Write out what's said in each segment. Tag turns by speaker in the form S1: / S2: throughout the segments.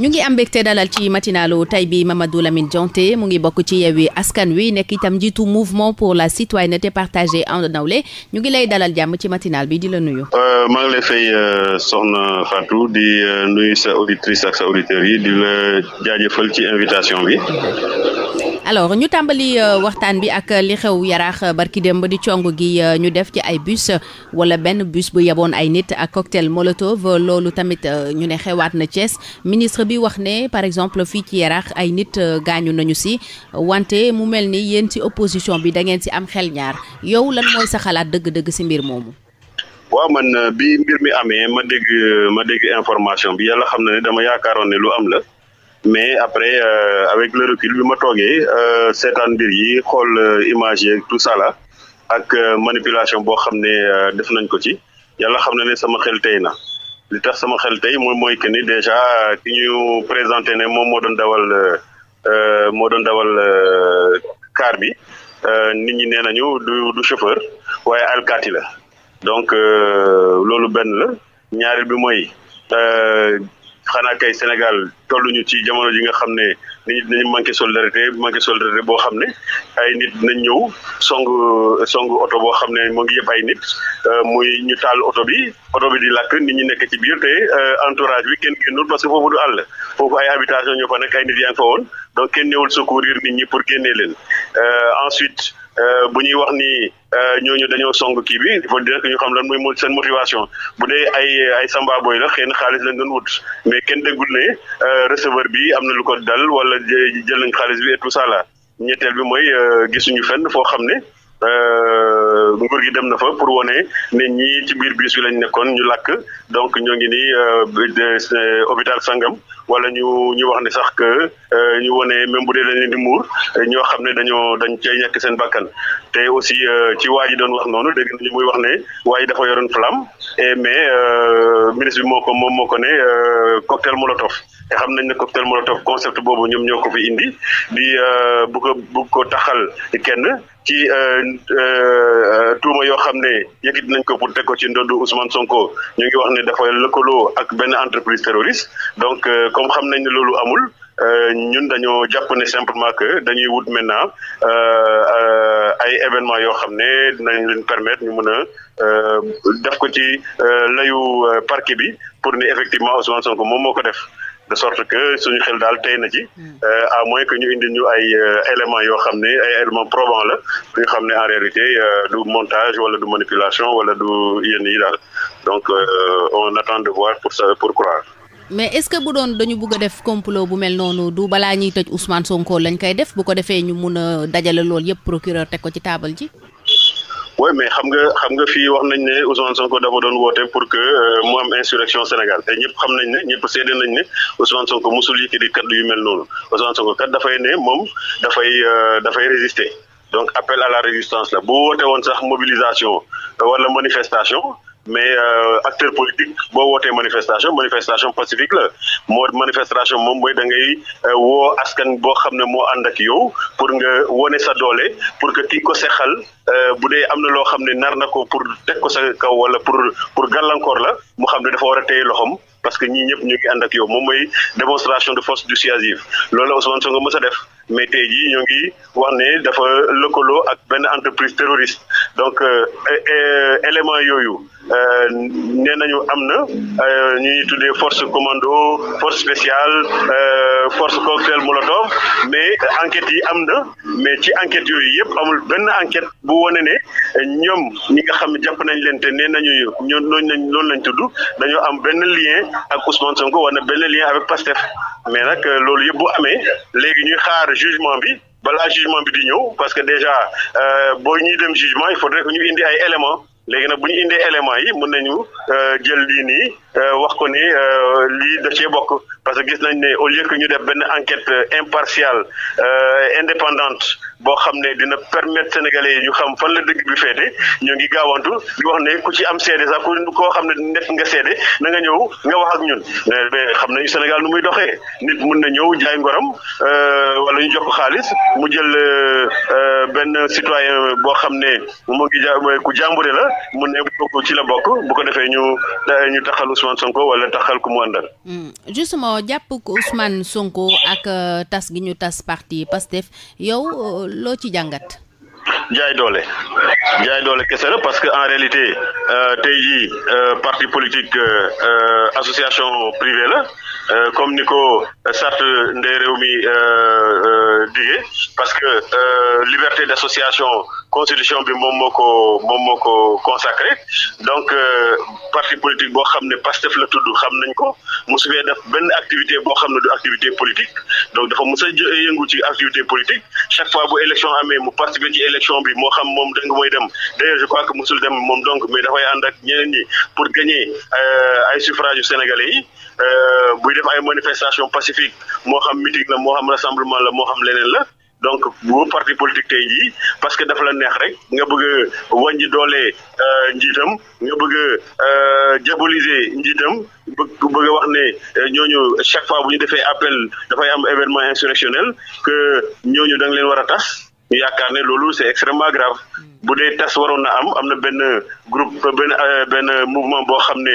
S1: ñu ngi am te dalal ci matinalu tay bi Mamadou Lamine Diante mu ngi bokk ci Yewwi Askan Wi nekk itam njiitu mouvement pour la citoyenneté partagée en Nawlé ñu ngi lay dalal jàmm ci matinal bi di la nuyu.
S2: Euh, maa ngi lay fay euh, soxna Fatou di euh, nuyu sa auditrice ak sa auditeurs di la jaajëfal ci invitation bi.
S1: alors ñu tàmbali euh, waxtaan bi ak euh, li xew yaraax euh, barki ba di cong gi ñu def ci ay bus wala benn bus bu yeboon ay nit ak cocktail molotov loolu tamit ñu ne xewaat na Thiès ministre bi wax ne par exemple fii ci yaraax ay nit gaañu nañu si wante mu mel ni yéen ci opposition bi dangeen ngeen si am xel ñaar yow lan mooy sa xalaat dëgg-dëgg si mbir moomu.
S2: waaw man bi mbir mi amee ma dégg ma dégg information bi yàlla xam na ne dama yaakaaroon ne lu am la. mais après euh, avec le recul bi ma toogee euh, seetaan mbir yi xool euh, image yeeg tout ça ak manipulation boo xam ne def nañ ko ci yàlla xam na ne sama xel tey na li tax sama xel tey moom mooy que ni déjà ki ñu présenté ne moom moo doon dawal moo doon dawal car bi nit ñi nee nañu du du chauffeur waaye alkaati la donc loolu benn la ñaareel bi mooy xanaa kay Sénégal tollu tolluñu ci jamono ji nga xam ne nit ñi dinañu manqué solidarité manqué solidarité boo xam ne ay nit dinañ ñëw song song oto boo xam ne moo ngi yëpp ay nit euh, muy ñu taal oto bi oto bi di lakk nit ñi nekk ci biir te euh, entourage bi kenn génnul parce que foofu du àll foofu ay habitation ñoo fa nekk ay nit yaa ngi fa woon donc kenn newul secourir nit ñi pour génnee leen euh, ensuite euh, bu ñuy wax ni ñooñu dañoo song kii bi il faut dire que ñu xam la mooy seen motivation bu dee ay ay la xëy xaalis lañ doon wut mais kenn déggul ne receveur bi am na lu ko dal wala jël nañ xaalis bi et tout ça ñetteel bi mooy gisuñu fenn foo xam ne. Euh, nguur gi dem na fa pour wane ne ñii ci biir bus bi lañ nekkoon ñu làkk donc ñoo ngi nii euh, euh, hôpital sangam wala ñu ñu wax ne sax que ñu wane même bu dee dañ leen di muur ñoo xam ne dañoo dañ cay ñàkk seen bàkkan te aussi ci waa yi doon wax noonu dégg nañu muy wax ne waa ji dafa yoroon flamme e mais ministre bi moo ko moom moo ko ne cocktail molotov te xam nañ ne cocktail molotov concept boobu ñoom ñoo ko fi indi di euh, bu ko bu ko taxal kenn ci euh, euh, tuuma yoo xam ne yëkkati nañ ko pour teg ko ci ndoddu Ousmane Sonko ñu ngi wax ne dafa lëkkaloo ak benn entreprise terroriste donc comme xam nañ ne loolu amul ñun dañoo jàpp ne simplement que dañuy wut maintenant ay événements yoo xam ne dinañ leen permettre ñu mën a def ko ci layu parquet bi pour ni effectivement Ousmane Sonko moom moo ko def. de sorte que suñu xel daal tey na ci hmm. euh, à moins que ñu indi ñu ay euh, éléments yoo xam ne ay éléments probants la ñu xam ne en réalité euh, du montage wala du manipulation wala du yenn yi daal donc on attend de voir pour pour croire.
S1: mais est-ce que bu doon dañu bëgg def complot bu mel noonu du balaa ñuy tëj Ousmane Sonko lañ koy def bu ko defee ñu mun a dajale loolu yëpp procureur teg ko ci taabal ji.
S2: oui mais xam nga xam nga fii wax nañ ne Ousmane Sonko dafa doon woote pour que euh, mu am insurrection Sénégal te ñëpp xam nañ ne ñëpp seede nañ ne son Sonko musul yi ki di kaddu yu mel noonu Ousmane Sonko kat dafay ne moom dafay euh, dafay résister donc appel à la résistance la bu woote woon sax mobilisation euh, wala manifestation mais euh, acteur politique boo wootee manifestation manifestation pacifique moo manifestation moom mooy da ngay euh, woo askan boo xam ne moo ànd ak yow pour nga wone sa doole pour que ki ko sexal euh, bu dee am na loo xam ne nar na ko pour teg ko sa kaw wala pour pour gàllankoor la mu xam ne dafa war a téye loxoom parce que ñii ñëpp ñu ngi ànd ak yow moom mooy démonstration de force dissuasive loolu la Ousmane Sonko mës a def mais tey jii ñoo ngi wax dafa lëkkaloo ak benn entreprise terroriste donc euh, élément yooyu euh, nee nañu am na ñu euh, ñuy tuddee force commando force spéciale force cocktail molotov mais enquêtes yi am na mais ci enquêtes yooyu yëpp amul benn enquête bu wane ne ñoom ñi nga xam jàpp nañ leen te nee nañu ñoom loolu lañ loolu lañ tudd dañoo am benn lien ak Ousmane Sonko wala benn lien avec Pastef mais nag loolu yëpp bu amee léegi ñuy xaar jugement bi. balaa jugement bi di ñëw parce que déjà euh, boo ñuy dem jugement il faudrait que ñu indi ay éléments léegi nag bu ñu indee élément yi mën nañu euh, jël lii nii euh, wax ko ni euh, lii da cee bokk parce que gis nañ ne au lieu que ñu def benn enquête impartiale indépendante boo xam ne dina permettre sénégalais yi ñu xam fan la dëgg bi féete ñoo ngi gaawantu di wax ne ku ci am seede sax ku koo xam ne nekk nga seede na nga ñëw nga wax ak ñun xam nañu Sénégal nu muy doxee nit mun na ñëw jaay ngoram wala ñu jox ko xaalis mu jël benn citoyen boo xam ne moo ngi ja ku jàmbure la. mu ne bokk ci la bokk bu ko defee ñu eh, ñu taxal Ousmane Sonko wala taxal ku mu àndal.
S1: Hmm. justement jàpp ko Sonko ak euh, tas gi ñu tas parti Pastef yow euh, loo ci jàngat.
S2: jaay doole jaay doole kese la parce que en réalité euh, tey jii parti politique association privée la comme ni ko charte ndey réew mi digee parce que liberté d'association. constitution bi moom moo ko moom moo ko consacré donc euh, parti politique boo xam ne Pastef la tudd xam nañ ko mosu fee def benn activité boo xam ne du activité politique donc dafa mos a yëngu ci activité politique chaque fois bu élection amee mu participer ci élection bi moo xam moom danga mooy dem d'ailleurs je crois que mosul dem moom donc mais dafay ànd ak ñeneen ñi pour gagner euh, ay suffrage yu sénégalais yi euh, buy def ay manifestation pacifique moo xam meeting la moo xam rassemblement la moo xam leneen la donc bu parti politique tey jii parce que dafa la neex rek nga bëgg a wàññi doole euh, njiitam nga bëgg a euh, diaboliser njiitam bëgg bëgg a wax ne euh, ñooñu chaque fois bu ñu defee appel dafay am événement insurrectionnel que ñooñu da nga leen war a tas ñu yaakaar ne loolu c'est extrêmement grave bu dee tas waroon na am am na benn groupe benn benn mouvement boo xam ne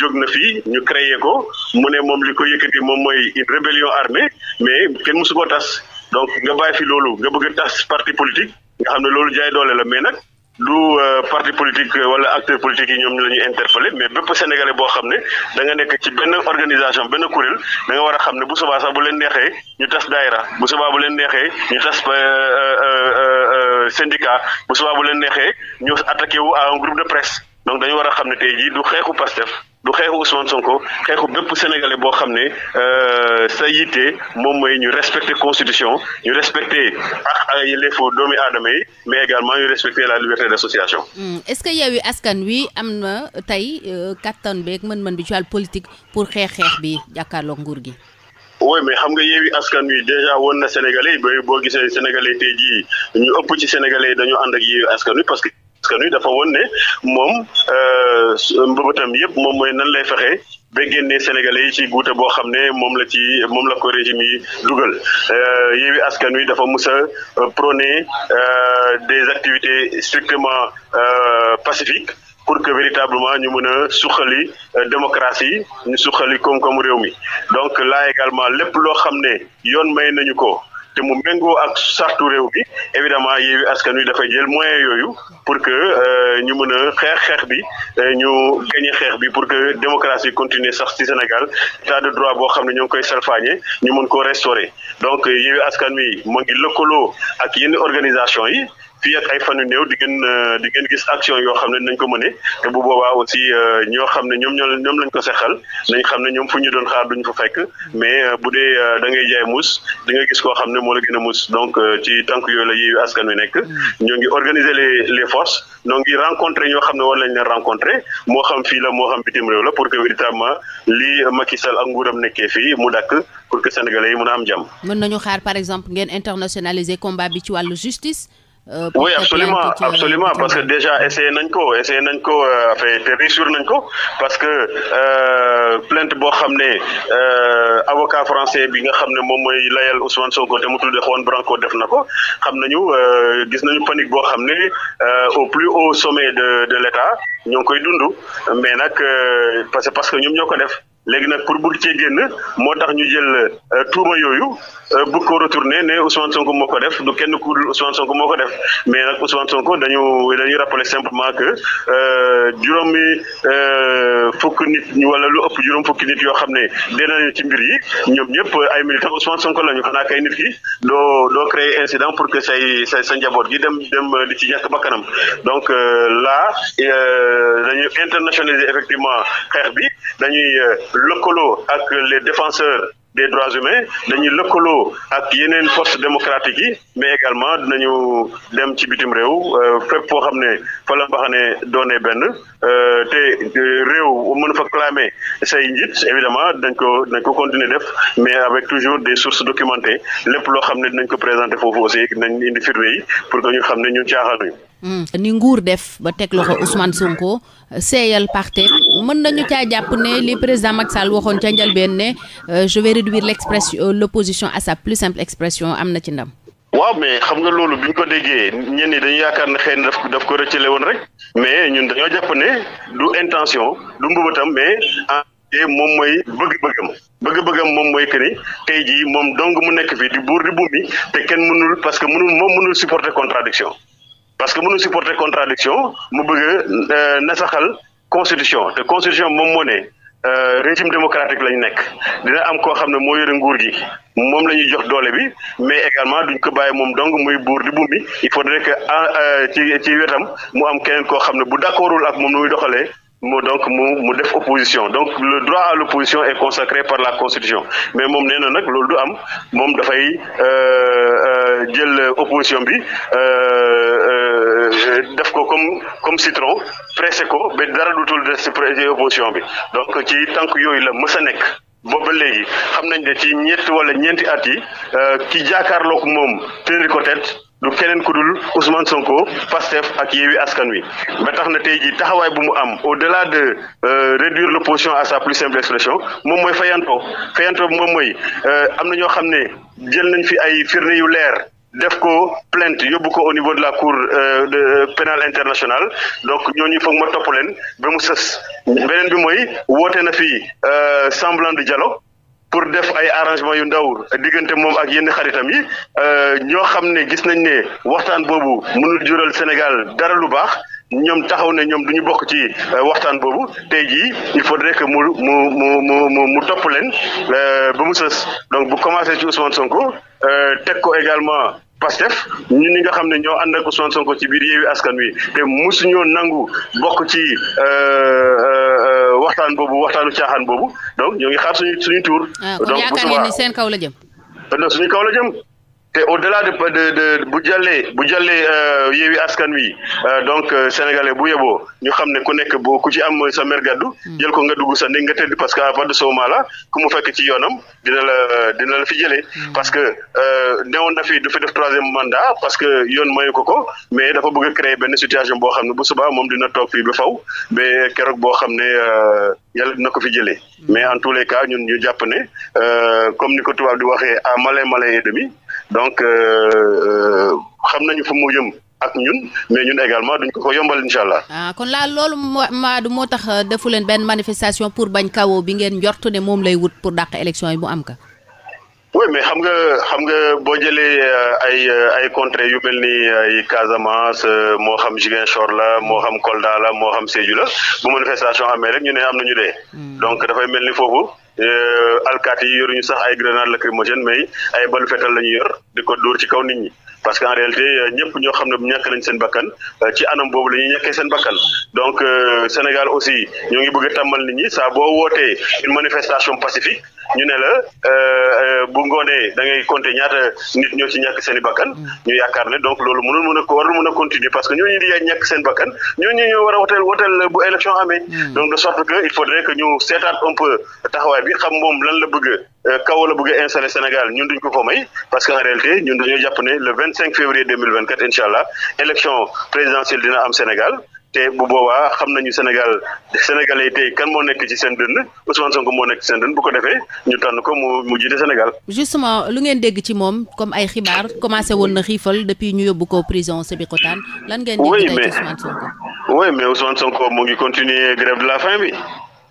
S2: jóg na fi ñu créer ko mu ne moom li ko yëkkati moom mooy une rébellion armée mais kenn mësu ko tas. donc nga bàyyi fi loolu nga bëgg tas parti politique nga xam ne loolu jaay doole la mais nag lu euh, parti politique euh, wala acteur politique yi ñoom la ñuy interpellé mais bépp sénégalais boo xam ne da nga nekk ci benn organisation benn kuréel da nga war a xam ne bu subaa sax bu leen neexee ñu tas daayira bu subaa bu leen neexee ñu tas euh, syndicat bu subaa bu leen neexee ñu attaqué wu à un groupe de presse donc dañu war a xam ne tey jii du xeexu Pastef du xeexu Ousmane ko xeexu bépp sénégalais boo xam ne euh, sa yitte moom mooy ñu respecter constitution ñu respecter ak yelleefu doomi aadama yi mais également ñu respecte la liberté d'association.
S1: Hmm, est-ce que Yewwi Askan Wi am na tey euh, kattan beeg mën-mën bi ci wàllu politique pour xeex xeex bi jàkkaarloog nguur
S2: gi. oui mais xam nga Yewwi Askan Wi déjà woon na sénégalais yi boo gisee sénégalais tey jii ñu ëpp ci sénégalais yi dañoo ànd ak Askan Wi parce que. askan wi dafa won ne moom euh, mbëbëtam yëpp moom mooy nan lay fexe ba génne sénégalais yi ci guute boo xam ne moom la ci moom la ko régime yi dugal euh, Yewwi Askan Wi dafa mus a euh, prôner des activités strictement pacifiques pour que véritablement ñu mën a suqali démocratie ñu suqali koom-koomu réew mi donc là également lépp loo xam ne yoon may nañu ko. te mu méngoo ak sartu réew bi évidemment Yewwi Askan Wi dafay jël moyen yooyu pour que euh, ñu mën a xeex xeex bi euh, ñu gagné xeex bi pour que démocratie continue sax ci Sénégal état droit boo xam ne ñoo ngi koy salfaañe ñu mën koo restaurer donc Yewwi Askan Wi mu ngi lëkkaloo ak yenn organisation yi fii ak ay fan yu néew di ngeen euh, di ngeen gis action yoo xam ne nañ ko mëne te bu boobaa aussi euh, ñoo xam ne ñoom ñoo ñoom lañ ko sexal nañ xam ne ñoom fu ñu doon xaar duñ fa fekk mais euh, bu dee da ngay jaay muus di nga gis koo xam ne moo la gën a muus donc ci tànk yooyu la Yewwi Askan Wi nekk mm. ñoo ngi organiser les les forces ñoo ngi rencontrer ñoo xam ne war lañ leen rencontrer moo xam fii la moo xam bitim réew la pour que véritablement lii Macky Sall ak nguuram nekkee fii mu dakk pour que yi mën a am jàmm.
S1: mën Euh, oui absolument absolument parce que déjà
S2: essayé nañ ko essayé nañ ko affaire euh, te réussir nañ ko parce que euh, plainte boo xam ne euh, avocat français bi nga xam ne moom mooy layal Ousmane Sonko te mu tuddee Juan Branco def na ko xam nañu gis nañu panique boo xam ne au plus haut sommet de de l'État ñoo ngi koy dund mais nag parce que parce que ñoom ñoo ko def. léegi nag pour bëgg cee génn moo tax ñu jël euh, tuuma yooyu euh, bëgg ko retourné ne son Sonko moo ko def du kenn ku dul Ousmane Sonko moo ko def mais nag Ousmane Sonko dañu dañuy rappeler simplement que euh, juróomi fukk nit wala lu ëpp juróom fukki nit yoo xam ne dee nañu ci mbir yi ñoom ñëpp ay militants Ousmane Sonko lañu xanaa kay nit ki doo doo créer incident pour que say say sa njaboot gi dem dem di ci ñàkk bakkanam donc là dañuy internationaliser effectivement xeex bi dañuy. lëkkaloo ak les défenseurs des droits humains dañuy lëkkaloo ak yeneen forces démocratiques yi mais également dinañu dem ci bitim réew euh, fépp foo xam ne fa la mbaxane doone benn euh, te euh, réew mën fa clamer say njit évidemment dañ ko dañ ko continuer def mais avec toujours des sources documentées lépp loo xam ne dinañ ko présenter foofu aussi nañ indi firnde yi pour que ñu xam ne ñun caaxaanuñu.
S1: Hmm, ni nguur def ba teg loxo Ousmane Sonko. seeyal parti mën nañu caa jàpp ne li président Macky Sall waxoon ca njalbeen ne euh, je vais réduire l'expression euh, l'opposition à sa plus simple expression am na ci ndam.
S2: waaw mais xam nga loolu bi ñu ko déggee ñenn ñi dañu yaakaar ne xëy na daf daf ko rëccale woon rek mais ñun dañoo jàpp ne du intention du mbëbëtam mais en moom mooy bëgg-bëggam bëgg-bëggam moom mooy que ni tey jii moom dong mu nekk fi di buur di bumi te kenn mënul parce que mënul moom mënul suppor contradiction parce que mënu supporter contradiction mu bëgg a euh, nasaxal constitution te constitution moom moo ne euh, régime démocratique lañ nekk dina am koo xam ne moo yore nguur gi moom la ñuy jox doole bi mais également duñ ko bàyyi moom donc muy buur di bummi il faudrait que euh, ci ci wetam mu am keneen koo xam ne bu d'accordul ak moom nu muy doxalee mu donc mu mu def opposition donc le droit à l'opposition est consacré par la constitution mais moom nee na nag loolu du am moom dafay euh, euh, jël opposition bi euh, def ko comme comme citron pressé ko ba dara dutul des ci opposition bi donc ci tànk yooyu la mës nekk booba léegi xam nañ ne ci ñett wala ñeenti at yi ki jaakaarlook moom tenir ko tête du keneen ku dul Ousmane Sonko Pastef ak Yewwi Askan Wi ba tax na tey jii taxawaay bu mu am au-delà de euh, réduire l'opposition à sa plus simple expression moom mooy fayantoo fayantoo bi moom mooy euh, am na ñoo xam ne jël nañ fi ay firnde yu leer def ko plainte yóbbu ko au niveau de la cour euh, de pénale internationale donc ñooñu foog ma topp leen ba mu sës beneen bi mooy woote na fi semblant de jalo pour def ay arrangement yu ndaw diggante moom ak yenn xaritam yi euh, ñoo xam ne gis nañ ne waxtaan boobu mënul jural Sénégal dara lu baax ñoom taxaw ne ñoom du ñu bokk ci euh, waxtaan boobu tey jii il faudrait que mu mu mu mu mu topp leen euh, ba mu sës donc bu commencé ci Ousmane Sonko teg ko également. Pastef ñun ñi nga xam ne ñoo ànd ak Ousmane Sonko ci biir Yewwi Askan Wi te mosuñoo nangu bokk ci euh, euh, euh, waxtaan boobu waxtaanu caaxaan boobu donc ñoo ngi xaar suñu suñu tuur. Ah, donc bu subaa kon yaakaar seen kaw la jëm. suñu kaw la jëm. te au-delà de de bu jàllee bu jàllee euh, Yewwi Askan Wi euh, donc euh, sénégalais bu yeboo ñu xam ne ku nekk boo ku ci am sa mer gàddu hmm. jël ko nga dugg sa néeg nga tëdd parce que à partir de ce moment ku mu fekk ci yoonam dina la dina la fi jëlee hmm. parce que newoon na fi du fi def troisième mandat parce que yoon mayu ko ko mais dafa bëgg a créer benn situation boo xam ne bu subaa moom dina toog fi ba faw ba keroog boo xam ne yàlla dina ko fi jëlee hmm. mais en tous les cas ñun ñu jàpp ne comme ni ko tubaab di waxee à malin malin et demi donc euh, euh, xam nañu fu mu jëm ak ñun mais ñun également duñ ko ko yombal incha allah.
S1: ah kon laa loolu Madou moo tax euh, defu leen benn manifestation pour bañ kawoo bi ngeen njort ne moom lay wut pour daq élection yi mu am
S2: mais xam nga xam nga boo jëlee ay ay contrées yu mel ni ay Casamance moo xam Ziguinchor la moo xam Kolda la moo xam Sédhiou la bu manifestation amee rek ñu ne am na ñu dee. Hmm. donc dafay mel ni foofu. Euh, alkaat yi yoruñu sax ay grenade lacrymogène mais ay balu fetal la ñu yor di ko dóor ci kaw nit ñi parce que en réalité euh, ñëpp ñoo xam ne bu ñàkk lañ seen bakkan euh, ci anam boobu la ñuy seen bakkan donc Sénégal aussi ñoo ngi bëgg a tàmmal nit ñi saa boo wootee une manifestation pacifique ñu ne la euh, bu ngoonee da ngay compter ñaata nit ñoo ci ñàkk seen i bakkan mm. ñu yaakaar ne donc loolu mënul mën a warul mën a continuer parce que ñooñu di ñàkk seen bakkan ñooñu ñoo war a woteel woteel bu élection amee mm. donc de sorte que il faudrait que ñu seetaat un peu taxawaay bi xam moom lan la bëgg euh, kaw la bëgg a installé Sénégal ñun duñ ko ko may parce que en réalité ñun dañoo jàpp ne le vingt cinq février deux mille vingt quatre incha allah élection présidentielle dina am Sénégal te bu boobaa xam nañu Sénégal sénégalais tey kan moo nekk ci seen dënn Ousmane Sonko moo nekk ci seen dënn bu ko defee ñu tànn ko mu mu jiite Sénégal.
S1: justement lu ngeen dégg ci moom comme ay xibaar commencé woon na xiifal depuis ñu yóbbu ko prison Sébikotane lan ngeen dégg tey ci Ousmane
S2: Sonko. oui mais oui mais Ousmane mu ngi continuer grève de la faim bi.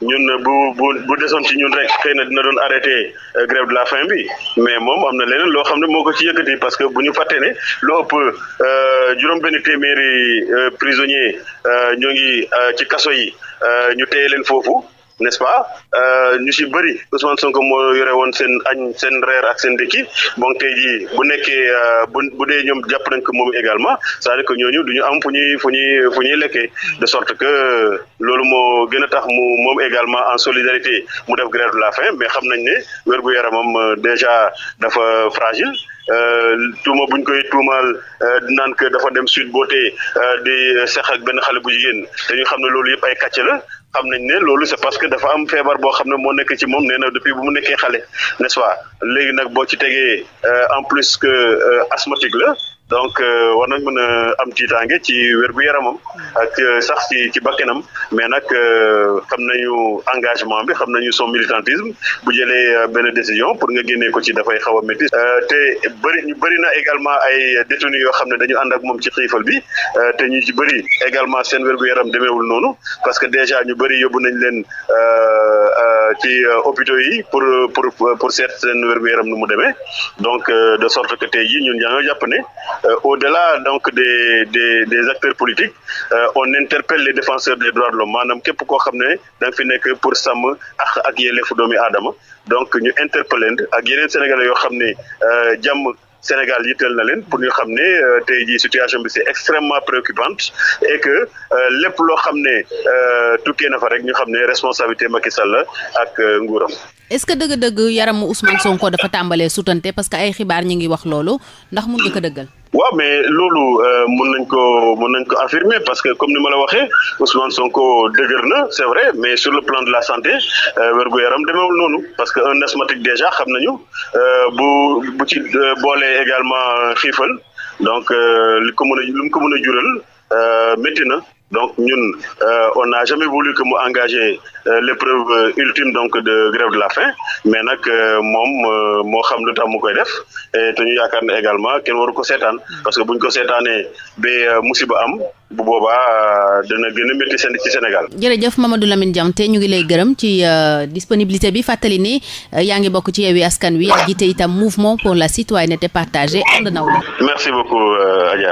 S2: ñun bu bu bu desoon ci ñun rek xëy na dina doon arrêté euh, grève de la fin bi mais moom am na leneen loo xam ne moo ko ci yëkkati parce que bu ñu fàttee ne lu ëpp euh, juróom-benn téeméeri euh, prisonnier ñoo ngi ci kaso yi ñu téye leen foofu. n'est-ce pas euh, ñu ci bëri Ousmane Sonko moo yore woon seen añ seen reer ak seen ndékki bon tey jii bu nekkee euh, bu bu dee ñoom jàpp nañ ko moom également c'est-à-dire que ñooñu du ñu am fu ñuy fu ñuy fu ñuy lekkee de sorte que euh, loolu moo gën a tax mu moom également en solidarité mu def grève de la faim mais xam nañ ne wérgu yaramam déjà dafa fragile tuuma buñ koy tuumaal naan que dafa dem sud boote di seq ak benn xale bu jigéen te ñu xam ne loolu yëpp ay kacc la xam nañ ne loolu c'est parce que dafa am feebar boo xam ne moo nekk ci moom nee na depuis bu mu nekkee xale nest léegi nag boo ci tegee euh, en plus que euh, asthmatique la donc euh, war nañ mën a am tiitaange ci wér yaramam ak euh, sax ci ci bakkanam mais nag euh, xam nañu engagement bi xam nañu son militantisme bu jëlee benn décision pour nga génnee ko ci dafay xaw a métti te bëri ñu bëri na également ay détenus yoo xam ne dañu ànd ak moom ci xiifal bi te ñu ci bëri également seen wér yaram demeewul noonu parce que déjà ñu bëri yóbbu nañ leen ci hôpitaux yi pour pour pour seet seen wér-gu-yaram nu mu demee donc de sorte que tey jii ñun yaa ngi jàpp ne Euh, au-delà donc des des des acteurs politiques euh, on interpelle les défenseurs des droits de maanaam képp koo xam ne da fi nekk pour sàmm ak ak yelleefu doomi aadama donc ñu interpellé ak yeneen sénégalais yoo xam ne euh, jàmm. Sénégal yitteel na leen pour ñu xam ne te jii situation bi si extrêmement préoccupante et que lépp loo xam ne tukkee na fa rek ñu xam ne responsabilité Macky Sall la ak nguuram.
S1: est-ce que dëgg-dëgg yaramu Ousmane Sonko dafa tàmbalee sutante parce que ay xibaar ñu ngi wax loolu ndax mun nga ko
S2: waaw mais loolu euh, mën nañ ko mën nañ ko affirmer parce que comme ni ma la waxee Ousmane Sonko dëgër na c'est vrai mais sur le plan de la santé euh, wérgu yaram demeewul noonu parce que un asthmatique déjà xam nañu euh, bu bu ci boolee également xiifal donc li ko mën a lu ko mën a jural métti na. donc ñun euh, on n'a jamais voulu que mu engagé euh, l'épreuve euh, ultime donc de grève de la faim mais nag moom moo xam lu tax mu koy def te ñu yaakaar ne également kenn waru ko seetaan parce que bu ñu ko seetaanee ba musiba am bu boobaa dana gën a métti seen ci Sénégal.
S1: jërëjëf Mamadou Lamine Diante ñu ngi lay gërëm ci disponibilité bi fàttali ni yaa ngi bokk ci Yewwi Askan Wi ak itam mouvement pour la citoyenneté partagée ànd naw
S2: merci beaucoup Adja.